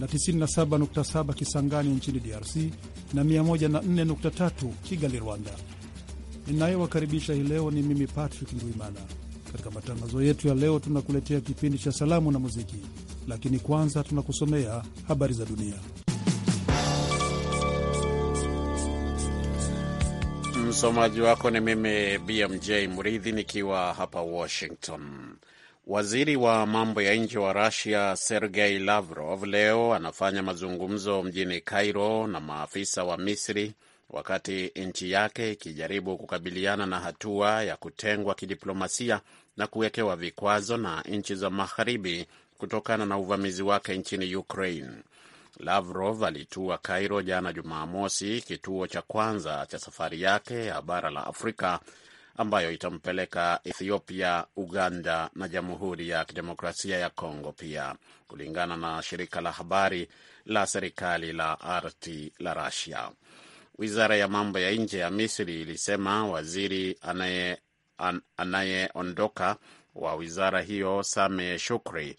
na 97.7 Kisangani nchini DRC na 104.3 Kigali, Rwanda. Ninayowakaribisha hii leo ni mimi Patrick Ndwimana. Katika matangazo yetu ya leo, tunakuletea kipindi cha salamu na muziki, lakini kwanza tunakusomea habari za dunia. Msomaji wako ni mimi BMJ Mridhi nikiwa hapa Washington. Waziri wa mambo ya nje wa Rusia Sergei Lavrov leo anafanya mazungumzo mjini Cairo na maafisa wa Misri wakati nchi yake ikijaribu kukabiliana na hatua ya kutengwa kidiplomasia na kuwekewa vikwazo na nchi za magharibi kutokana na uvamizi wake nchini Ukraine. Lavrov alitua Cairo jana Jumamosi, kituo cha kwanza cha safari yake ya bara la Afrika ambayo itampeleka Ethiopia, Uganda na Jamhuri ya Kidemokrasia ya Kongo pia, kulingana na shirika la habari la serikali la RT la rasia Wizara ya mambo ya nje ya Misri ilisema waziri anayeondoka an, wa wizara hiyo Sameh Shukri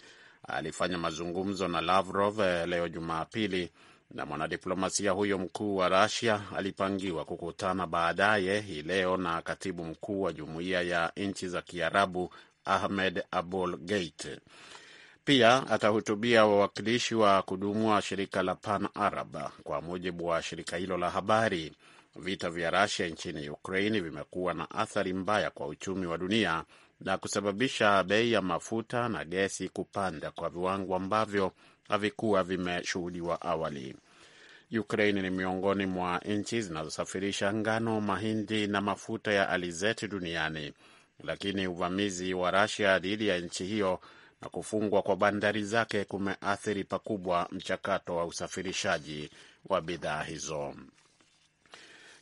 alifanya mazungumzo na Lavrov eh, leo Jumapili na mwanadiplomasia huyo mkuu wa rasia alipangiwa kukutana baadaye hii leo na katibu mkuu wa jumuiya ya nchi za Kiarabu Ahmed Abul Gait. Pia atahutubia wawakilishi wa kudumu wa shirika la Pan Arab, kwa mujibu wa shirika hilo la habari. Vita vya rasia nchini Ukraini vimekuwa na athari mbaya kwa uchumi wa dunia na kusababisha bei ya mafuta na gesi kupanda kwa viwango ambavyo havikuwa vimeshuhudiwa awali. Ukraine ni miongoni mwa nchi zinazosafirisha ngano, mahindi na mafuta ya alizeti duniani, lakini uvamizi wa Russia dhidi ya nchi hiyo na kufungwa kwa bandari zake kumeathiri pakubwa mchakato wa usafirishaji wa bidhaa hizo.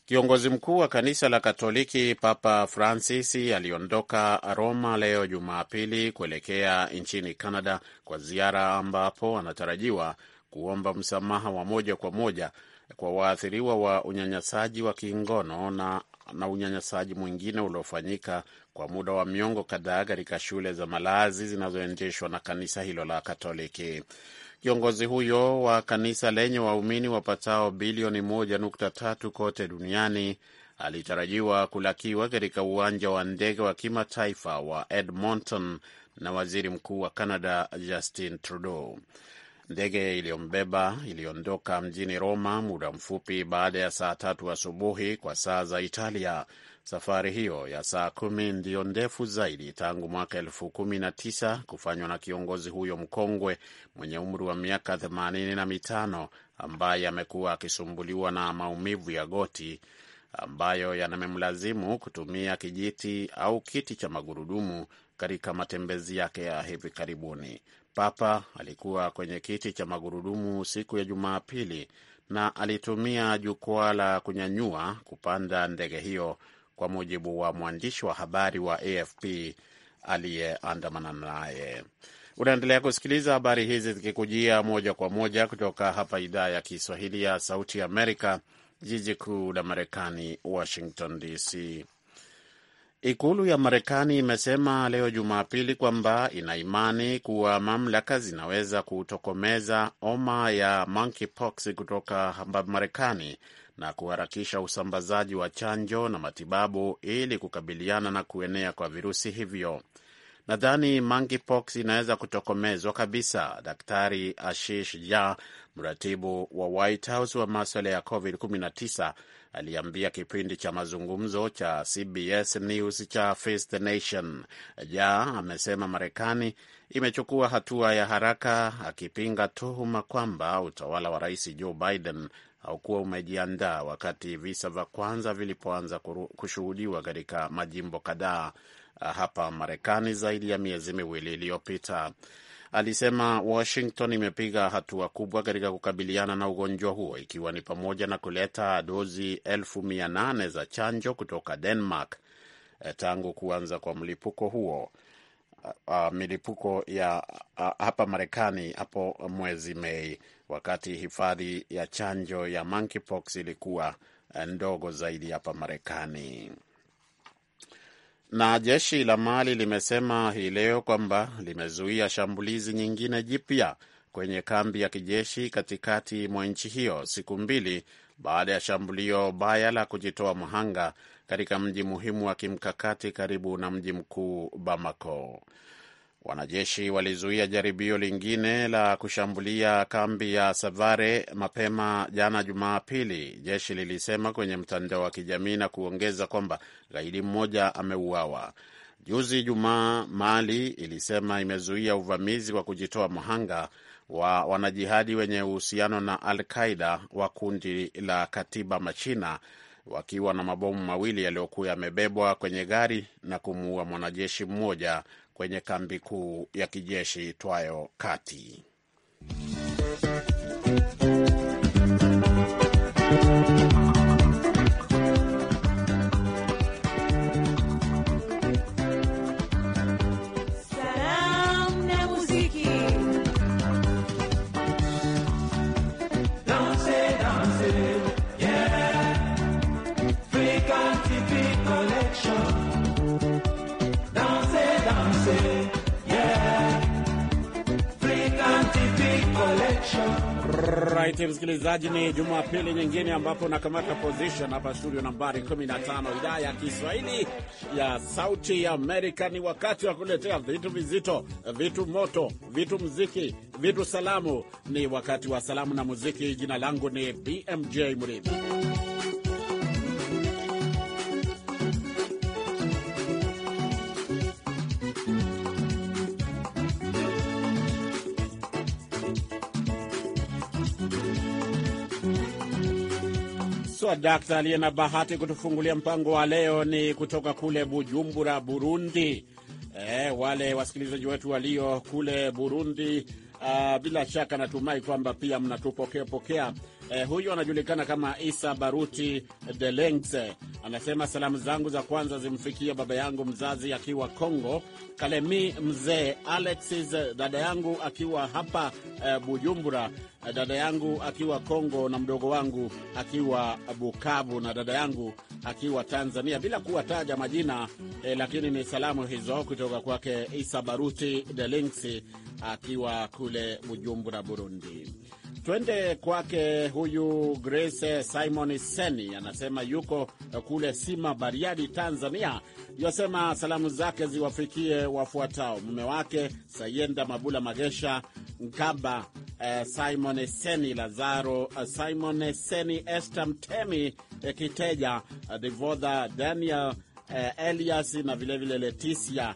Kiongozi mkuu wa kanisa la Katoliki Papa Francis aliondoka Roma leo Jumapili kuelekea nchini Canada kwa ziara ambapo anatarajiwa kuomba msamaha wa moja kwa moja kwa waathiriwa wa unyanyasaji wa kingono na, na unyanyasaji mwingine uliofanyika kwa muda wa miongo kadhaa katika shule za malazi zinazoendeshwa na kanisa hilo la Katoliki. Kiongozi huyo wa kanisa lenye waumini wapatao bilioni 1.3 kote duniani alitarajiwa kulakiwa katika uwanja wa ndege wa kimataifa wa Edmonton na waziri mkuu wa Canada Justin Trudeau. Ndege iliyombeba iliondoka mjini Roma muda mfupi baada ya saa tatu asubuhi kwa saa za Italia Safari hiyo ya saa kumi ndiyo ndefu zaidi tangu mwaka elfu kumi na tisa kufanywa na kiongozi huyo mkongwe mwenye umri wa miaka themanini na mitano ambaye amekuwa akisumbuliwa na maumivu ya goti ambayo yanamemlazimu kutumia kijiti au kiti cha magurudumu katika matembezi yake ya hivi karibuni. Papa alikuwa kwenye kiti cha magurudumu siku ya Jumapili na alitumia jukwaa la kunyanyua kupanda ndege hiyo kwa mujibu wa mwandishi wa habari wa AFP aliyeandamana naye. Unaendelea kusikiliza habari hizi zikikujia moja kwa moja kutoka hapa idhaa ya Kiswahili ya Sauti Amerika, jiji kuu la Marekani, Washington DC. Ikulu ya Marekani imesema leo Jumapili kwamba ina imani kuwa mamlaka zinaweza kutokomeza homa ya monkeypox kutoka hapa Marekani na kuharakisha usambazaji wa chanjo na matibabu ili kukabiliana na kuenea kwa virusi hivyo. Nadhani monkeypox inaweza kutokomezwa kabisa, Daktari Ashish Jha, mratibu wa White House wa maswala ya COVID-19, aliambia kipindi cha mazungumzo cha CBS News cha Face Nation. Jha amesema Marekani imechukua hatua ya haraka, akipinga tuhuma kwamba utawala wa Rais Joe Biden haukuwa umejiandaa wakati visa vya kwanza vilipoanza kushuhudiwa katika majimbo kadhaa uh, hapa Marekani zaidi ya miezi miwili iliyopita. Alisema Washington imepiga hatua kubwa katika kukabiliana na ugonjwa huo ikiwa ni pamoja na kuleta dozi elfu mia nane za chanjo kutoka Denmark uh, tangu kuanza kwa mlipuko huo. Uh, uh, milipuko ya uh, hapa Marekani hapo mwezi Mei, wakati hifadhi ya chanjo ya monkeypox ilikuwa uh, ndogo zaidi hapa Marekani. Na jeshi la Mali limesema hii leo kwamba limezuia shambulizi nyingine jipya kwenye kambi ya kijeshi katikati mwa nchi hiyo siku mbili baada ya shambulio baya la kujitoa mhanga katika mji muhimu wa kimkakati karibu na mji mkuu Bamako. Wanajeshi walizuia jaribio lingine la kushambulia kambi ya Savare mapema jana Jumapili, jeshi lilisema kwenye mtandao wa kijamii na kuongeza kwamba gaidi mmoja ameuawa. Juzi Jumaa, Mali ilisema imezuia uvamizi wa kujitoa mhanga wa wanajihadi wenye uhusiano na Al Qaida wa kundi la Katiba Machina wakiwa na mabomu mawili yaliyokuwa yamebebwa kwenye gari na kumuua mwanajeshi mmoja kwenye kambi kuu ya kijeshi itwayo Kati. Alright, msikilizaji, ni Jumapili nyingine ambapo nakamata position hapa studio nambari 15 idhaa ya Kiswahili ya Sauti ya Amerika. Ni wakati wa kuletea vitu vizito, vitu moto, vitu mziki, vitu salamu. Ni wakati wa salamu na muziki. Jina langu ni BMJ Mridhi. dakta aliye na bahati kutufungulia mpango wa leo ni kutoka kule Bujumbura, Burundi. E, wale wasikilizaji wetu walio kule Burundi, a, ah, bila shaka natumai kwamba pia mnatupokea pokea Eh, huyu anajulikana kama Isa Baruti Delengse anasema salamu zangu za kwanza zimfikie baba yangu mzazi akiwa Kongo, Kalemi mzee Alexis, dada yangu akiwa hapa eh, Bujumbura, dada yangu akiwa Kongo, na mdogo wangu akiwa Bukavu, na dada yangu akiwa Tanzania, bila kuwataja majina eh, lakini ni salamu hizo kutoka kwake Isa Baruti Delengse akiwa kule Bujumbura, Burundi. Twende kwake huyu Grace Simon Seni, anasema yuko kule Sima, Bariadi, Tanzania. Yosema salamu zake ziwafikie wafuatao: mume wake Sayenda Mabula Magesha Nkaba, eh, Simon Seni, Lazaro eh, Simon Seni, Esther Mtemi, eh, Kiteja, eh, Daniel, Elias na vilevile Leticia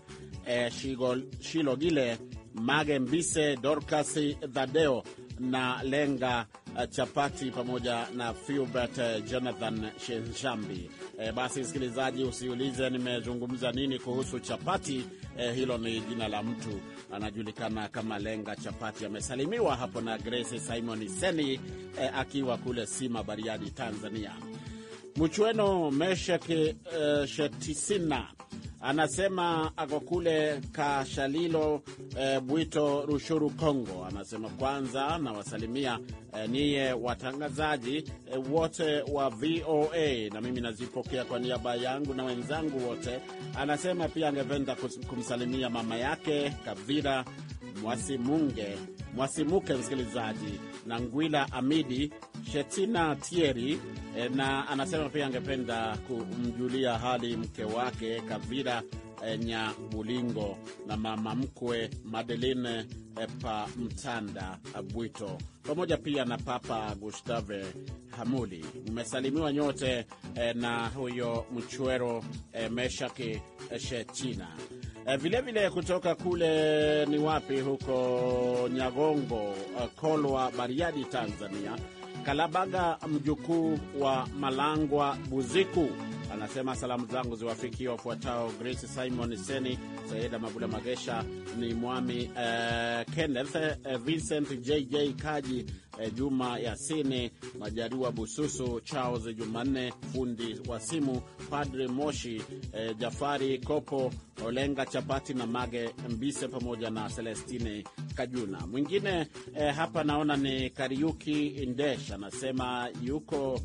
Shilogile Mage Mbise, Dorcas Dhadeo na Lenga eh, Chapati pamoja na Filbert eh, Jonathan Shenshambi. E, eh, basi msikilizaji, usiulize nimezungumza nini kuhusu chapati. E, hilo ni jina la mtu anajulikana kama Lenga Chapati. Amesalimiwa hapo na Grace Simon Seni e, akiwa kule Sima, Bariadi, Tanzania. mchweno Meshek e, Shetisina anasema ako kule Kashalilo e, Bwito, Rushuru, Kongo. Anasema kwanza nawasalimia e, niye watangazaji e, wote wa VOA na mimi nazipokea kwa niaba yangu na wenzangu wote. Anasema pia angependa kumsalimia mama yake Kavira Mwasimunge Mwasimuke msikilizaji na Ngwila Amidi Shetina Tieri e, eh, na anasema pia angependa kumjulia hali mke wake Kavira eh, Nyabulingo na mama mkwe Madeline Epa eh, Mtanda eh, Bwito pamoja pia na Papa Gustave Hamuli. Mmesalimiwa nyote e, na huyo mchwero eh, Meshaki Shetina vilevile vile kutoka kule ni wapi huko Nyagongo, Kolwa, Bariadi, Tanzania. Kalabaga, mjukuu wa Malangwa Buziku, anasema salamu zangu ziwafikie wafuatao: Grace Simon Seni, Saida Mabula Magesha, ni Mwami uh, Kenneth uh, Vincent JJ Kaji E, Juma Yasini Majariwa Bususu, Charles Jumanne fundi wa simu, Padre Moshi, eh, Jafari Kopo, Olenga Chapati na Mage Mbise pamoja na Celestine Kajuna. Mwingine eh, hapa naona ni Kariuki Indesh anasema yuko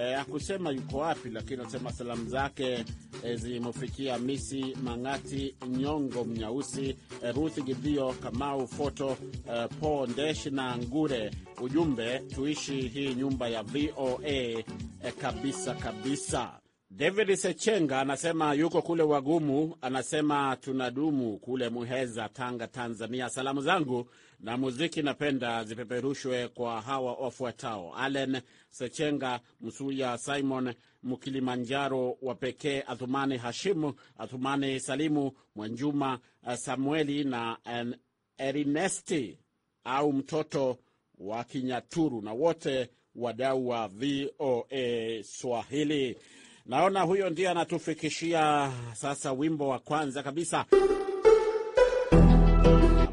eh, akusema yuko wapi, lakini anasema salamu zake eh, zimefikia Misi Mangati Nyongo Mnyausi, eh, Ruth Gidhio Kamau Foto, eh, Po Ndesh na Ngure ujumbe tuishi hii nyumba ya VOA eh, kabisa kabisa. David Sechenga anasema yuko kule Wagumu, anasema tunadumu kule Muheza, Tanga, Tanzania. Salamu zangu na muziki napenda zipeperushwe kwa hawa wafuatao: Allen Sechenga, Msuya Simon Mkilimanjaro wa pekee, Athumani Hashimu, Athumani Salimu, Mwanjuma eh, Samueli na eh, erinesti au mtoto wa Kinyaturu na wote wadau wa VOA Swahili. Naona huyo ndiye anatufikishia sasa wimbo wa kwanza kabisa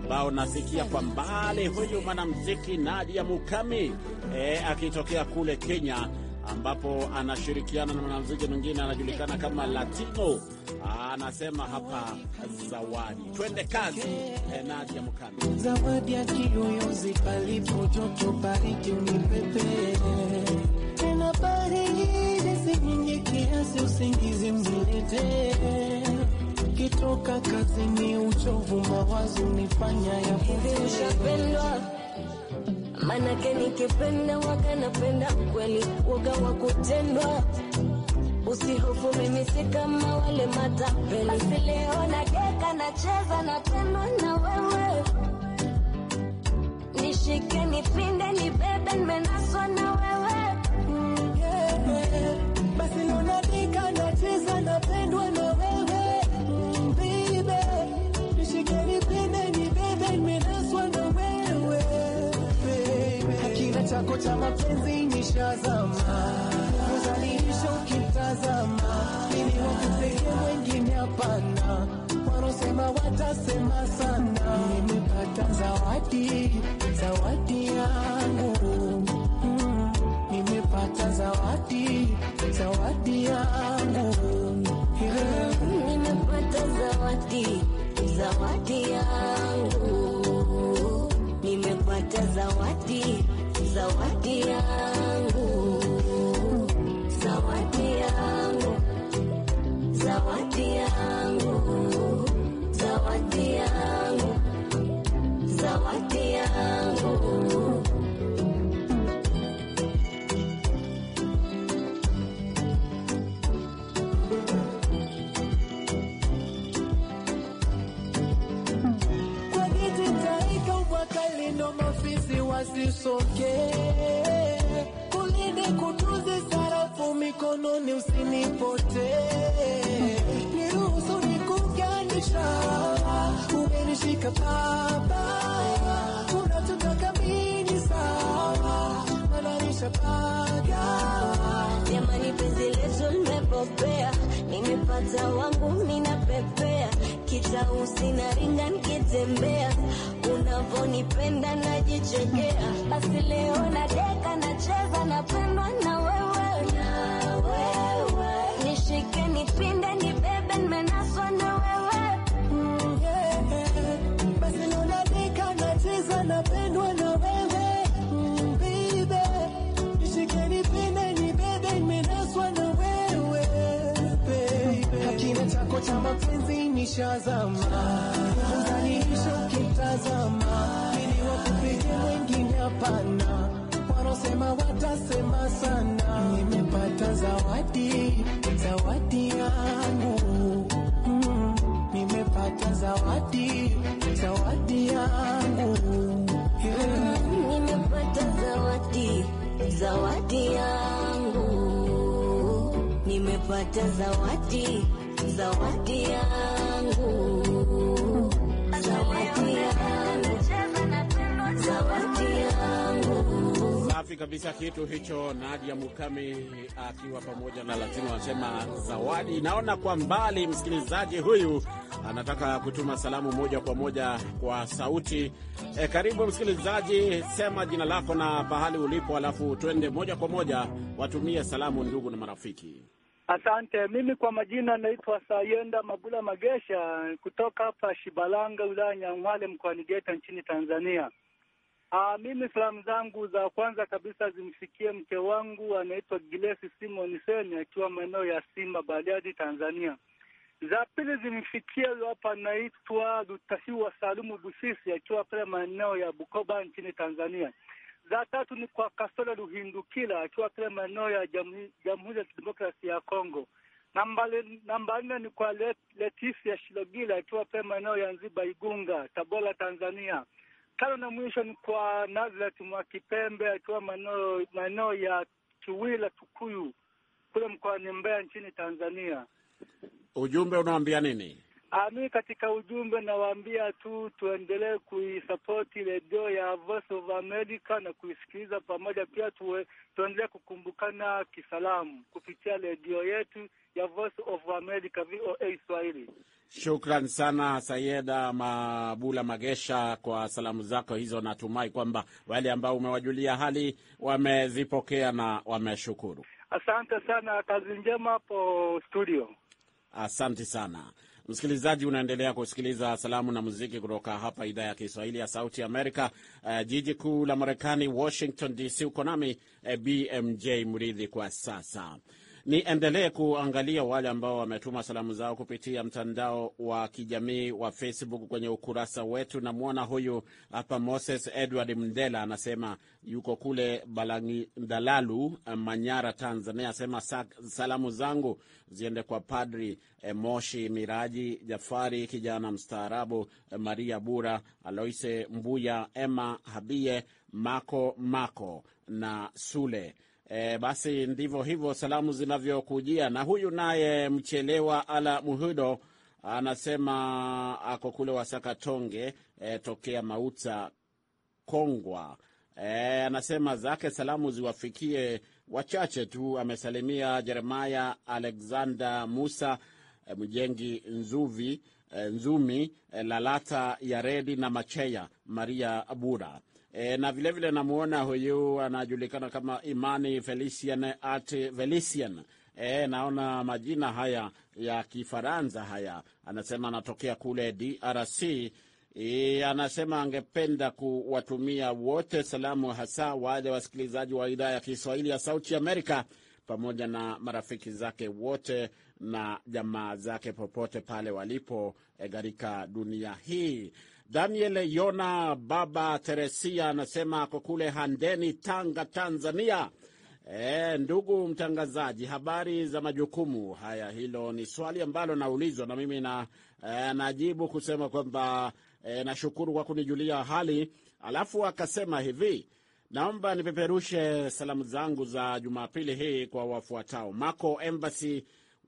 ambao nasikia kwa mbali, huyu mwanamuziki Nadia Mukami e, akitokea kule Kenya ambapo anashirikiana na mwanamuziki mwingine anajulikana kama Latino. Anasema hapa zawadi, twende kazi. Eh, Nadia ya mkanda zawadi ya kiyoyozi palipo baridi unipepe tena, baridi zinyinye kiasi, usingizi mzilete kitoka kazini, uchovu mawazo nifanya ya manake nikipenda waga napenda kweli, woga wa kutendwa. Usihofu, mimi si kama wale matapeli. Leo nadeka, nacheza, natendwa na wewe, nishike, nipinde, nibebe, nimenaswa na wewe mm, yeah. Basi cha mapenzi nishazama, uzalisha ukitazama, ili wakupeke wengine hapana. Wanaosema watasema sana, nimepata zawadi, zawadi yangu hmm, nimepata zawadi, zawadi yangu nimepata zawadi, zawadi yangu nimepata zawadi zawadi yako sausi na ringa nikitembea, unavonipenda najichekea. Basi leo na deka nacheza, napendwa na wewe, na wewe nishike, nipinde, nibebe, nimenaswa na wewe mm, yeah. Basi leo na nacheza, napendwa na Chumba cha mapenzi nishazama, utaniisha ukitazama, ili wakupige wengine hapana, wanaosema watasema sana. Nimepata zawadi, zawadi yangu mm, nimepata zawadi, zawadi yangu yeah. Nimepata zawadi, zawadi yangu nimepata zawadi zawadi yangu, Safi kabisa kitu hicho, Nadia Mukami akiwa pamoja na Latino anasema zawadi. Naona kwa mbali msikilizaji huyu anataka kutuma salamu moja kwa moja kwa sauti. E, karibu msikilizaji, sema jina lako na pahali ulipo, alafu twende moja kwa moja watumie salamu ndugu na marafiki. Asante. Mimi kwa majina naitwa Sayenda Mabula Magesha kutoka hapa Shibalanga, wilaya Nyang'hwale, mkoani Geita, nchini Tanzania. Aa, ah, mimi salamu zangu za kwanza kabisa zimfikie mke wangu anaitwa Gilesi Simon Seni akiwa maeneo ya Simba Bariadi, Tanzania. Za pili zimfikie huyo hapa anaitwa Lutahiwa Salumu Busisi akiwa pale maeneo ya Bukoba nchini Tanzania za tatu ni kwa Kasole luhindukila akiwa kile maeneo ya Jamhuri ya Kidemokrasia ya Kongo. Namba nne ni kwa Letisia Shilogila akiwa pia maeneo ya Nziba, Igunga, Tabora, Tanzania. Tano na mwisho ni kwa Nazareth Mwakipembe akiwa maeneo ya Kiwila, Tukuyu kule mkoani Mbeya nchini Tanzania. Ujumbe unaambia nini? Mi katika ujumbe nawaambia tu tuendelee kuisapoti redio ya Voice of America na kuisikiliza pamoja. Pia tuwe, tuendelee kukumbukana kisalamu kupitia redio yetu ya Voice of America VOA Swahili. Shukran sana Sayeda Mabula Magesha kwa salamu zako hizo. Natumai kwamba wale ambao umewajulia hali wamezipokea na wameshukuru. Asante sana, kazi njema hapo studio. Asante sana. Msikilizaji, unaendelea kusikiliza salamu na muziki kutoka hapa idhaa ya Kiswahili ya Sauti Amerika, uh, jiji kuu la Marekani, Washington DC. Uko nami eh, BMJ Mridhi kwa sasa Niendelee kuangalia wale ambao wametuma salamu zao kupitia mtandao wa kijamii wa Facebook kwenye ukurasa wetu. Namwona huyu hapa Moses Edward Mndela anasema yuko kule Balangidalalu, Manyara, Tanzania. Asema salamu zangu ziende kwa Padri eh, Moshi Miraji Jafari, kijana mstaarabu, eh, Maria Bura, Aloise Mbuya, Emma Habie, Mako Mako na Sule E, basi ndivyo hivyo salamu zinavyokujia. Na huyu naye mchelewa ala muhudo anasema ako kule Wasakatonge e, tokea Mauta Kongwa. E, anasema zake salamu ziwafikie wachache tu. Amesalimia Jeremaya Alexander Musa e, Mjengi Nzuvi, e, Nzumi e, Lalata Yaredi na Macheya Maria bura E, na vilevile namwona huyu anajulikana kama Imani Felician at Felician. E, naona majina haya ya Kifaransa haya, anasema anatokea kule DRC. E, anasema angependa kuwatumia wote salamu, hasa wale wasikilizaji wa idhaa ya Kiswahili ya Sauti Amerika pamoja na marafiki zake wote na jamaa zake popote pale walipo e, katika e, dunia hii. Daniel Yona Baba Teresia anasema ako kule Handeni, Tanga, Tanzania. E, ndugu mtangazaji, habari za majukumu haya. Hilo ni swali ambalo naulizwa na mimi na e, najibu kusema kwamba e, nashukuru kwa kunijulia hali. Alafu akasema hivi, naomba nipeperushe salamu zangu za Jumapili hii kwa wafuatao: Mako Embassy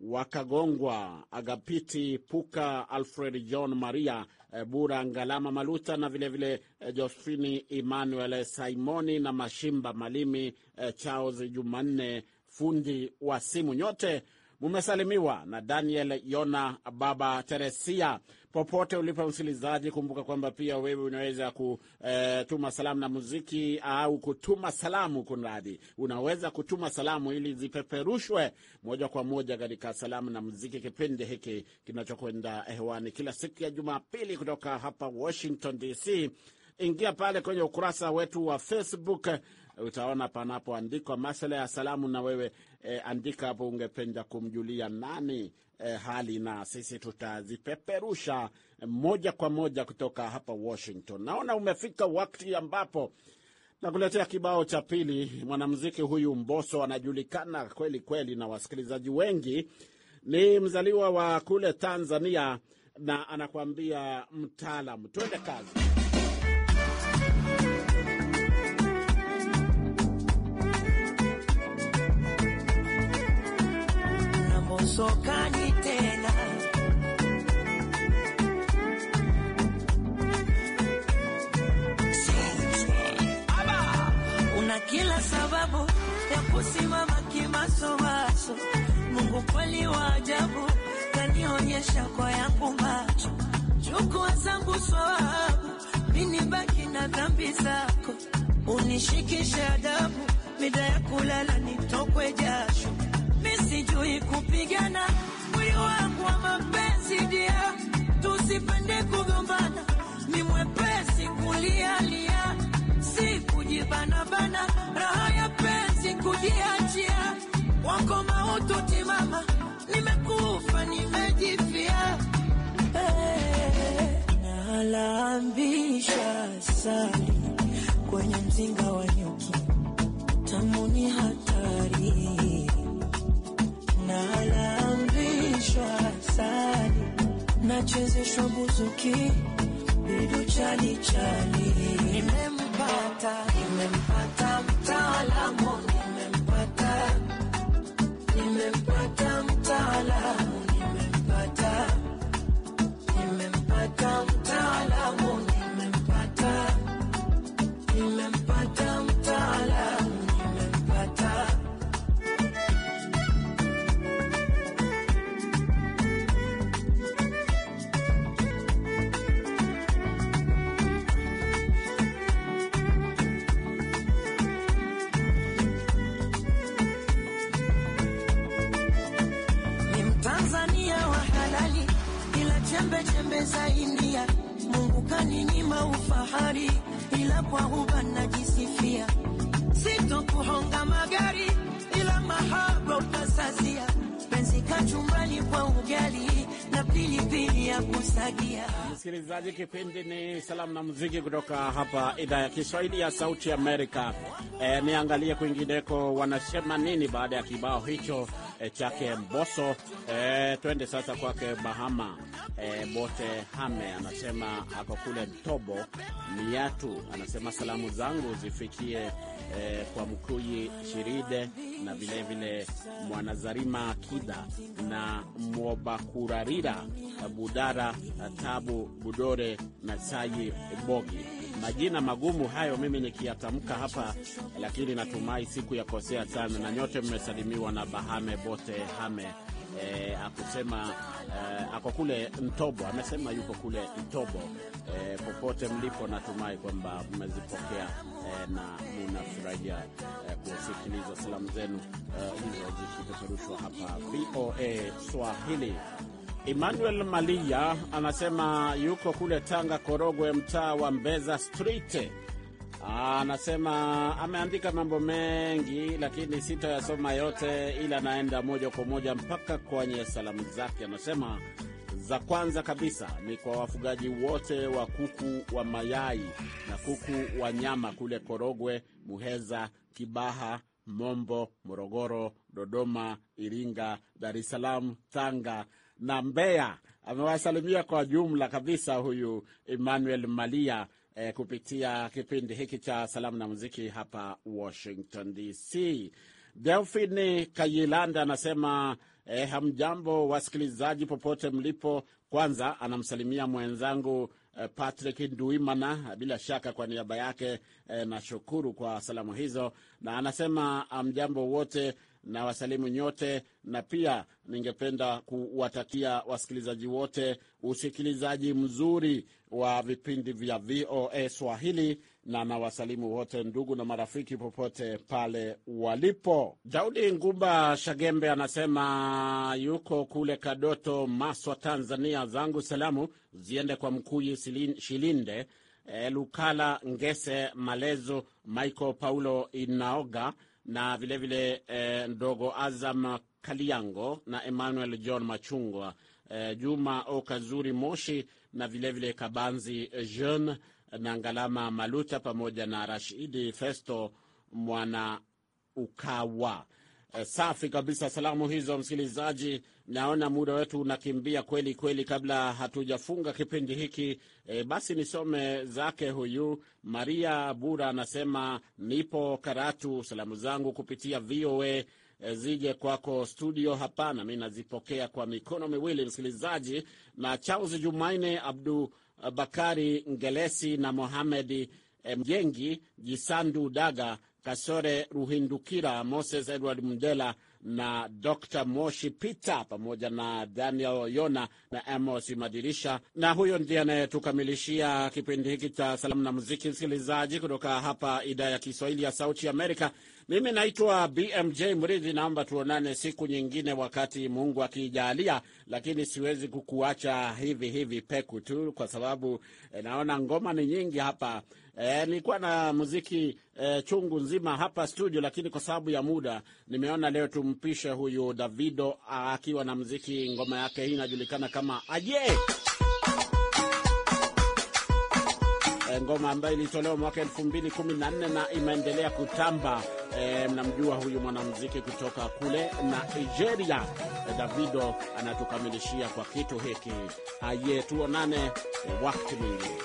wakagongwa Agapiti Puka, Alfred John Maria eh, Bura, Ngalama Maluta na vilevile vile eh, Josephini Emmanuel Simoni na Mashimba Malimi, eh, Charles Jumanne fundi wa simu. Nyote mumesalimiwa na Daniel Yona, Baba Teresia. Popote ulipo msikilizaji, kumbuka kwamba pia wewe unaweza kutuma eh, salamu na muziki au kutuma salamu, kunradhi, unaweza kutuma salamu ili zipeperushwe moja kwa moja katika salamu na muziki, kipindi hiki kinachokwenda hewani kila siku ya Jumapili kutoka hapa Washington DC. Ingia pale kwenye ukurasa wetu wa Facebook utaona panapoandikwa masala ya salamu, na wewe e, andika hapo ungependa kumjulia nani e, hali, na sisi tutazipeperusha moja kwa moja kutoka hapa Washington. Naona umefika wakati ambapo nakuletea kibao cha pili. Mwanamuziki huyu mboso anajulikana kweli kweli na wasikilizaji wengi, ni mzaliwa wa kule Tanzania na anakuambia mtaalamu. Twende kazi. Sokani tena una kila sababu ya kusimama kimasomaso. Mungu kweli wa ajabu, kanionyesha kwa yangu macho. Chukua zangu sawabu, mini baki na dhambi zako, unishikishe adabu, mida ya kulala nitokwe jasho sijui kupigana, mwili wangu wa mapenzi dia, tusipende kugombana, ni mwepesi kulialia, si kujibanabana, raha ya penzi kujiachia, wako mautu mama, nimekufa nimejifia, hey, eh, nalambisha sali kwenye mzinga wa nyuki tamuni hatari nalamrishwa sali nachezeshwa buzuki bidu chali chali, nimempata nimempata mtaalamu nimempata nimempata mtaalamu chembe za India. Mungu kaninyima ufahari, ila kwa huba najisifia. Sitokuhonga magari, ila mahaba utasazia. Penzi kachumbani kwa ugali na pilipili ya kusagia. Msikilizaji, kipindi ni salamu na muziki kutoka hapa idhaa ya Kiswahili ya Sauti Amerika. E, niangalie kwingineko wanasema nini baada ya kibao hicho e, chake Mboso. E, eh, twende sasa kwake bahama e, Bote Hame anasema ako kule mtobo Miatu, anasema salamu zangu zifikie eh, kwa Mkuyi Shiride na vilevile Mwanazarima Akida na Mwobakurarira Budara Tabu Budore na Sayi Bogi. Majina magumu hayo mimi nikiyatamka hapa, lakini natumai siku ya kosea sana, na nyote mmesalimiwa na Bahame Bote Hame eh, akusema eh, ako kule Mtobo, amesema yuko kule Mtobo. Eh, popote mlipo, natumai kwamba mmezipokea eh, na mnafurahia eh, kusikiliza salamu zenu eh, hizo eh, zikipeperushwa hapa VOA Swahili. Emmanuel Malia anasema yuko kule Tanga, Korogwe, mtaa wa Mbeza Street. Ah, anasema ameandika mambo mengi, lakini sitayasoma yote, ila anaenda moja kwa moja mpaka kwenye salamu zake. Anasema za kwanza kabisa ni kwa wafugaji wote wa kuku wa mayai na kuku wa nyama kule Korogwe, Muheza, Kibaha, Mombo, Morogoro, Dodoma, Iringa, Dar es Salaam, Tanga na Mbeya. Amewasalimia kwa jumla kabisa huyu Emmanuel Malia eh, kupitia kipindi hiki cha salamu na muziki hapa Washington DC. Delphine Kayilanda anasema eh, hamjambo wasikilizaji popote mlipo. Kwanza anamsalimia mwenzangu eh, Patrick Nduimana, bila shaka kwa niaba yake eh, nashukuru kwa salamu hizo, na anasema hamjambo wote na wasalimu nyote, na pia ningependa kuwatakia wasikilizaji wote usikilizaji mzuri wa vipindi vya VOA Swahili, na nawasalimu wote ndugu na marafiki popote pale walipo. Daudi Ngumba Shagembe anasema yuko kule Kadoto, Maswa, Tanzania. Zangu salamu ziende kwa Mkuyi Shilinde eh, Lukala Ngese Malezo, Michael Paulo Inaoga na vilevile vile, eh, ndogo Azam Kaliango na Emmanuel John Machungwa eh, Juma Okazuri Moshi na vilevile vile Kabanzi Jean na Ngalama Maluta pamoja na Rashidi Festo mwana Ukawa. Eh, safi kabisa salamu hizo msikilizaji Naona muda wetu unakimbia kweli kweli, kabla hatujafunga kipindi hiki e, basi nisome zake huyu Maria Bura anasema, nipo Karatu, salamu zangu kupitia VOA e, zije kwako studio hapana mi nazipokea kwa mikono miwili, msikilizaji. Na Charles Jumaine Abdu Bakari Ngelesi na mohamed e, Mjengi Jisandu Daga Kasore Ruhindukira Moses Edward mdela na Dr Moshi Peter pamoja na Daniel Yona na Amos Madirisha. Na huyo ndiye anayetukamilishia kipindi hiki cha salamu na muziki, msikilizaji, kutoka hapa idhaa ya Kiswahili ya Sauti Amerika. Mimi naitwa BMJ Mridhi, naomba tuonane siku nyingine wakati Mungu akijalia, lakini siwezi kukuacha hivi hivi peku tu, kwa sababu eh, naona ngoma ni nyingi hapa E, nilikuwa na muziki e, chungu nzima hapa studio, lakini kwa sababu ya muda nimeona leo tumpishe huyu Davido akiwa na muziki, ngoma yake hii inajulikana kama aje eh, ngoma ambayo ilitolewa mwaka elfu mbili kumi na nne na imeendelea kutamba. E, mnamjua huyu mwanamuziki kutoka kule Nigeria. E, Davido anatukamilishia kwa kitu hiki aye, tuonane wakati mwingine.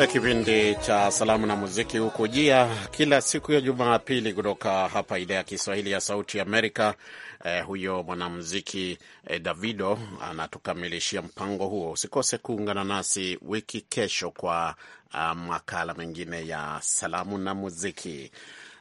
Eh, kipindi cha salamu na muziki hukujia kila siku ya Jumapili kutoka hapa idhaa ya Kiswahili ya Sauti Amerika. Eh, huyo mwanamuziki eh, Davido anatukamilishia mpango huo. Usikose kuungana nasi wiki kesho kwa uh, makala mengine ya salamu na muziki.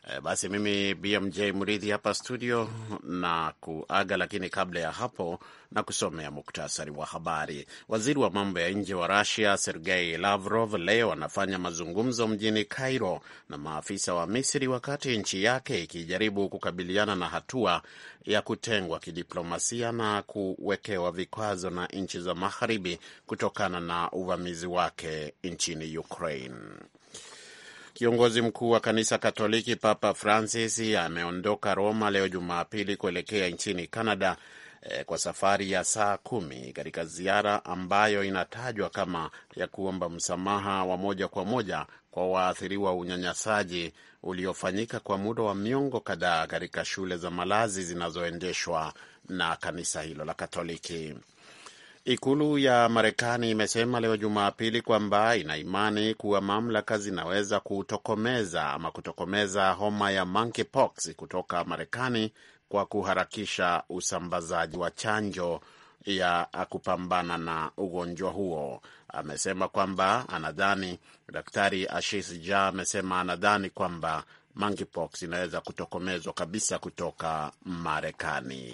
Eh, basi mimi BMJ Mridhi hapa studio na kuaga, lakini kabla ya hapo na kusomea muktasari wa habari. Waziri wa mambo ya nje wa Rusia Sergei Lavrov leo anafanya mazungumzo mjini Cairo na maafisa wa Misri wakati nchi yake ikijaribu kukabiliana na hatua ya kutengwa kidiplomasia na kuwekewa vikwazo na nchi za Magharibi kutokana na uvamizi wake nchini Ukraine. Kiongozi mkuu wa kanisa Katoliki Papa Francis ameondoka Roma leo Jumapili kuelekea nchini Canada eh, kwa safari ya saa kumi katika ziara ambayo inatajwa kama ya kuomba msamaha wa moja kwa moja kwa waathiriwa unyanyasaji uliofanyika kwa muda wa miongo kadhaa katika shule za malazi zinazoendeshwa na kanisa hilo la Katoliki. Ikulu ya Marekani imesema leo Jumapili kwamba ina imani kuwa mamlaka zinaweza kutokomeza ama kutokomeza homa ya monkeypox kutoka Marekani kwa kuharakisha usambazaji wa chanjo ya kupambana na ugonjwa huo. Amesema kwamba anadhani, Daktari Ashish Jha amesema anadhani kwamba monkeypox inaweza kutokomezwa kabisa kutoka Marekani.